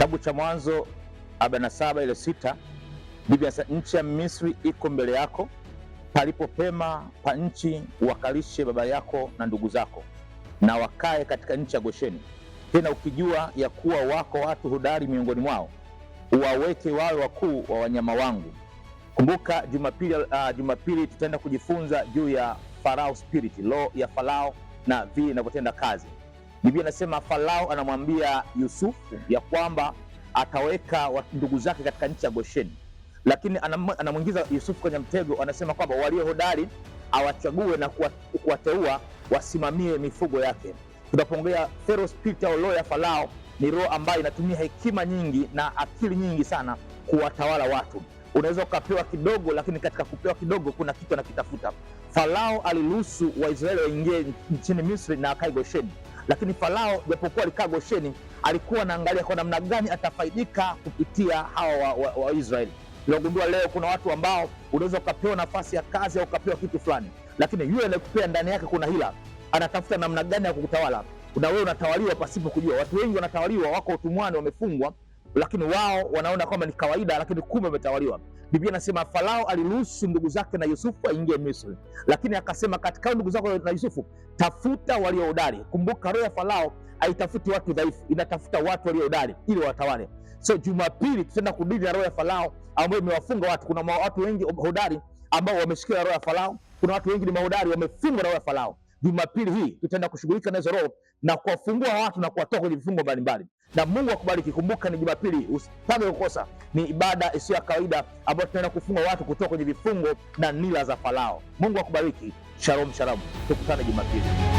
Kitabu cha Mwanzo 47 ile sita, Biblia inasema nchi ya Misri iko mbele yako, palipo pema pa nchi, wakalishe baba yako na ndugu zako, na wakae katika nchi ya Gosheni. Tena ukijua ya kuwa wako watu hodari miongoni mwao, uwaweke wawe wakuu wa wanyama wangu. Kumbuka Jumapili, uh, Jumapili tutaenda kujifunza juu ya Farao spirit, lo ya Farao na vile inavyotenda kazi. Biblia inasema Farao anamwambia Yusufu ya kwamba ataweka ndugu zake katika nchi ya Gosheni, lakini anamwingiza Yusuf kwenye mtego. Anasema kwamba walio hodari awachague na kuwateua wasimamie mifugo yake. Tunapoongea Pharaoh spirit au roho ya Farao ni roho ambayo inatumia hekima nyingi na akili nyingi sana kuwatawala watu. Unaweza ukapewa kidogo, lakini katika kupewa kidogo kuna kitu anakitafuta. Farao aliruhusu Waisraeli waingie nchini Misri na akae Gosheni. Lakini Farao japokuwa alikaa Gosheni, alikuwa anaangalia kwa namna gani atafaidika kupitia hawa wa, wa, wa Israeli. Tunagundua leo kuna watu ambao unaweza ukapewa nafasi ya kazi au ukapewa kitu fulani, lakini yule anayekupea ndani yake kuna hila, anatafuta namna gani ya kukutawala na wewe unatawaliwa pasipo kujua. Watu wengi wanatawaliwa, wako utumwani, wamefungwa, lakini wao wanaona kwamba ni kawaida, lakini kumbe wametawaliwa. Biblia inasema Farao aliruhusu ndugu zake na Yusufu aingie Misri, lakini akasema katika ndugu zako na Yusufu tafuta walio hodari. Kumbuka roho ya Farao haitafuti watu dhaifu, inatafuta watu walio hodari ili watawale. So Jumapili tutaenda kudili na roho ya Farao ambayo imewafunga watu. Kuna watu wengi hodari ambao wameshikilia roho ya Farao, kuna watu wengi ni mahodari wamefungwa na roho ya Farao. Jumapili hii tutaenda kushughulika na hizo roho na kuwafungua watu na kuwatoa kwenye vifungo mbalimbali na Mungu akubariki. Kumbuka ni Jumapili, usipange kukosa. Ni ibada isiyo ya kawaida ambayo tunaenda kufunga watu kutoka kwenye vifungo na nila za Farao. Mungu akubariki. Shalom, shalom, tukutane Jumapili.